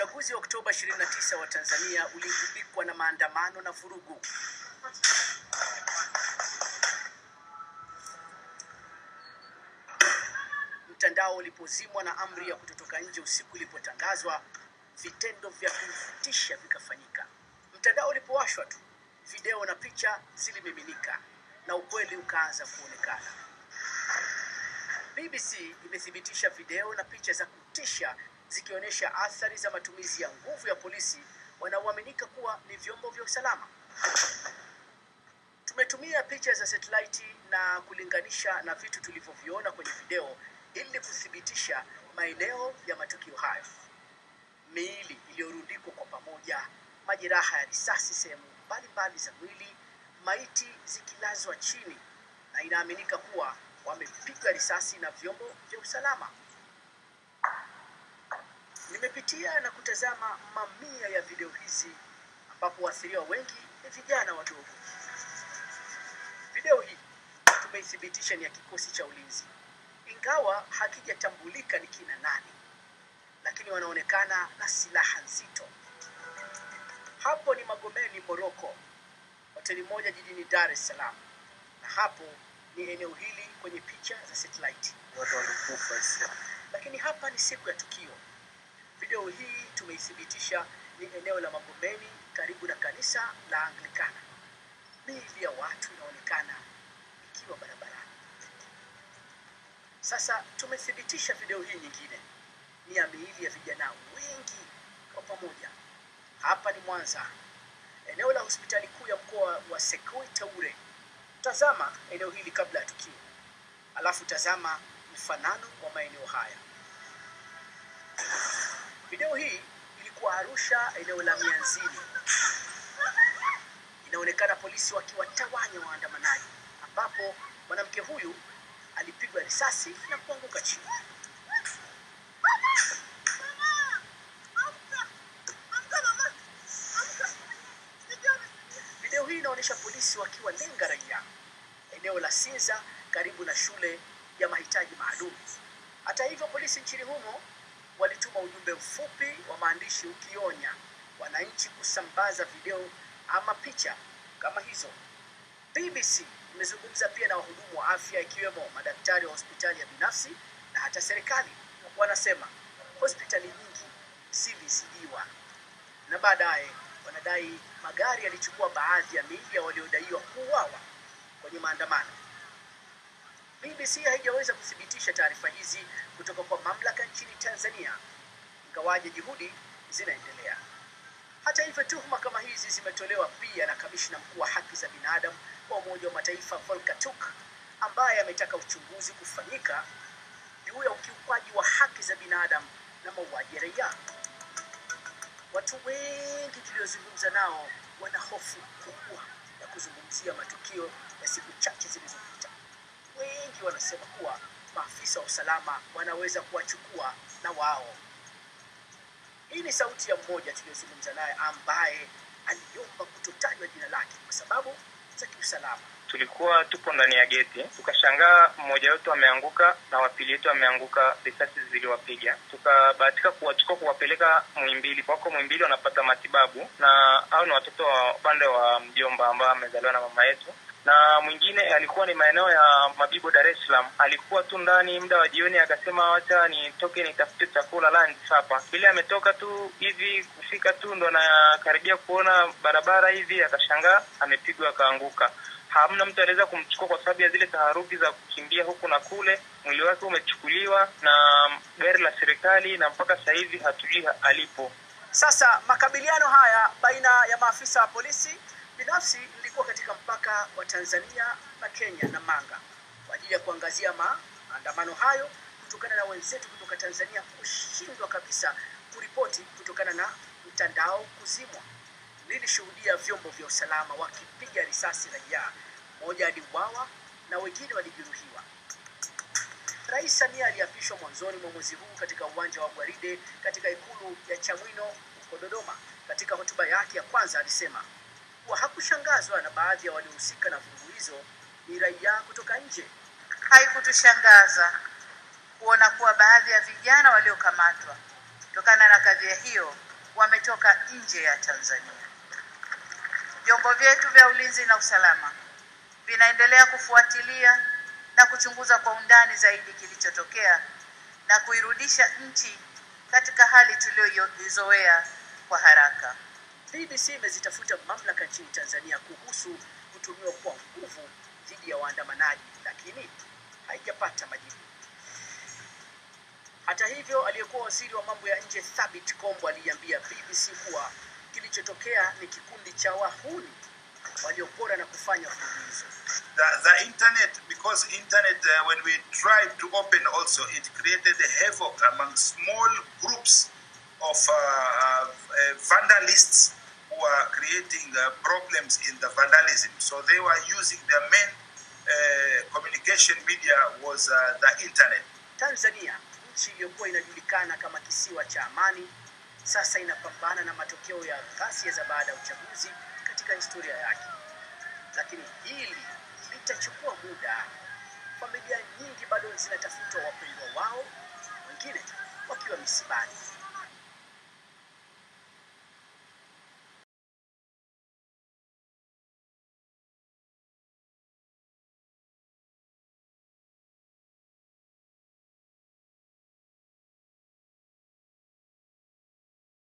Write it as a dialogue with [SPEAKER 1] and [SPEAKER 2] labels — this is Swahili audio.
[SPEAKER 1] Uchaguzi wa Oktoba 29 wa Tanzania uligubikwa na maandamano na vurugu. Mtandao ulipozimwa na amri ya kutotoka nje usiku ilipotangazwa, vitendo vya kutisha vikafanyika. Mtandao ulipowashwa tu, video na picha zilimiminika na ukweli ukaanza kuonekana. BBC imethibitisha video na picha za kutisha zikionyesha athari za matumizi ya nguvu ya polisi wanaoaminika kuwa ni vyombo vya usalama. Tumetumia picha za satellite na kulinganisha na vitu tulivyoviona kwenye video ili kuthibitisha maeneo ya matukio hayo. Miili iliyorundikwa kwa pamoja, majeraha ya risasi sehemu mbalimbali za mwili, maiti zikilazwa chini, na inaaminika kuwa wamepiga risasi na vyombo vya usalama. Nimepitia na kutazama mamia ya video hizi ambapo waathiriwa wengi ni vijana wadogo. Video hii tumeithibitisha ni ya kikosi cha ulinzi, ingawa hakijatambulika ni kina nani, lakini wanaonekana na silaha nzito. Hapo ni Magomeni, Moroko, hoteli moja jijini Dar es Salaam, na hapo ni eneo hili kwenye picha za satellite. Lakini hapa ni siku ya tukio. Video hii tumeithibitisha ni eneo la Magomeni karibu na kanisa la Anglikana. Miili ya watu inaonekana ikiwa barabarani. Sasa tumethibitisha video hii nyingine ni ya miili ya vijana wengi kwa pamoja. Hapa ni Mwanza, eneo la hospitali kuu ya mkoa wa Sekou Toure. Tazama eneo hili kabla ya tukio, alafu tazama mfanano wa maeneo haya. Video hii ilikuwa Arusha, eneo la Mianzini. Inaonekana polisi wakiwatawanya waandamanaji, ambapo mwanamke huyu alipigwa risasi na kuanguka chini. Video hii inaonyesha polisi wakiwa lenga raia eneo la Sinza, karibu na shule ya mahitaji maalum. Hata hivyo, polisi nchini humo walituma ujumbe mfupi wa maandishi ukionya wananchi kusambaza video ama picha kama hizo. BBC imezungumza pia na wahudumu wa afya ikiwemo madaktari wa hospitali ya binafsi na hata serikali. Wanasema hospitali nyingi ziliziliwa, na baadaye wanadai magari yalichukua baadhi ya miili ya waliodaiwa kuuawa kwenye maandamano. BBC haijaweza kuthibitisha taarifa hizi kutoka kwa mamlaka nchini Tanzania, ingawaje juhudi zinaendelea. Hata hivyo, tuhuma kama hizi zimetolewa pia na kamishna mkuu wa haki za binadamu wa Umoja wa Mataifa Volker Turk ambaye ametaka uchunguzi kufanyika juu ya ukiukwaji wa haki za binadamu na mauaji ya raia. Watu wengi tuliozungumza nao wana hofu kubwa ya kuzungumzia matukio ya siku chache zilizopita wengi wanasema kuwa maafisa wa usalama wanaweza kuwachukua na wao. Hii ni sauti ya mmoja tuliyozungumza naye ambaye aliomba kutotajwa jina lake kwa sababu za kiusalama.
[SPEAKER 2] Tulikuwa tupo ndani ya geti, tukashangaa mmoja wetu ameanguka na wapili wetu ameanguka, risasi ziliwapiga. Tukabahatika kuwachukua kuwapeleka Muhimbili, wako Muhimbili wanapata matibabu, na hao ni watoto wa upande wa mjomba ambao amezaliwa na mama yetu na mwingine alikuwa ni maeneo ya Mabibo, Dar es Salaam. Alikuwa tu ndani muda wa jioni, akasema wacha nitoke nitafute chakula lunch hapa. Vile ametoka tu hivi kufika tu ndo anakaribia kuona barabara hivi, akashangaa amepigwa, akaanguka. Hamna mtu aliweza kumchukua kwa sababu ya zile taharuki za kukimbia huku na kule. Mwili wake umechukuliwa na gari la serikali na mpaka sasa hivi hatujui alipo.
[SPEAKER 1] Sasa makabiliano haya baina ya maafisa wa polisi binafsi Tupo katika mpaka wa Tanzania na Kenya na Manga kwa ajili ya kuangazia maandamano hayo kutokana na wenzetu kutoka Tanzania kushindwa kabisa kuripoti kutokana na mtandao kuzimwa. Nilishuhudia vyombo vya usalama wakipiga risasi raia, mmoja aliuawa na wengine walijeruhiwa. Rais Samia aliapishwa mwanzoni mwa mwezi huu katika uwanja wa Gwaride katika ikulu ya Chamwino huko Dodoma. Katika hotuba yake ya kwanza alisema kuwa hakushangazwa na baadhi ya waliohusika na vurugu hizo ni raia kutoka nje.
[SPEAKER 3] Haikutushangaza kuona kuwa baadhi ya vijana waliokamatwa kutokana na kadhia hiyo wametoka nje ya Tanzania. Vyombo vyetu vya ulinzi na usalama vinaendelea kufuatilia na kuchunguza kwa undani zaidi kilichotokea na kuirudisha nchi katika hali tuliyoizoea kwa haraka.
[SPEAKER 1] BBC imezitafuta mamlaka nchini Tanzania kuhusu kutumiwa kwa nguvu dhidi ya waandamanaji, lakini haijapata majibu. Hata hivyo, aliyekuwa waziri wa mambo ya nje Thabit Kombo aliambia BBC kuwa kilichotokea ni kikundi cha wahuni waliopora na kufanya fulizo.
[SPEAKER 4] The, the internet because internet uh, when we tried to open also it created a havoc among small groups of uh, uh, uh vandalists were creating uh, problems in the vandalism. So they were using the main uh, communication media was uh, the internet.
[SPEAKER 1] Tanzania, nchi iliyokuwa inajulikana kama kisiwa cha amani, sasa inapambana na matokeo ya ghasia za baada ya uchaguzi katika historia yake. Lakini hili litachukua muda. Familia nyingi bado zinatafuta wapendwa wao, wengine wakiwa misibani.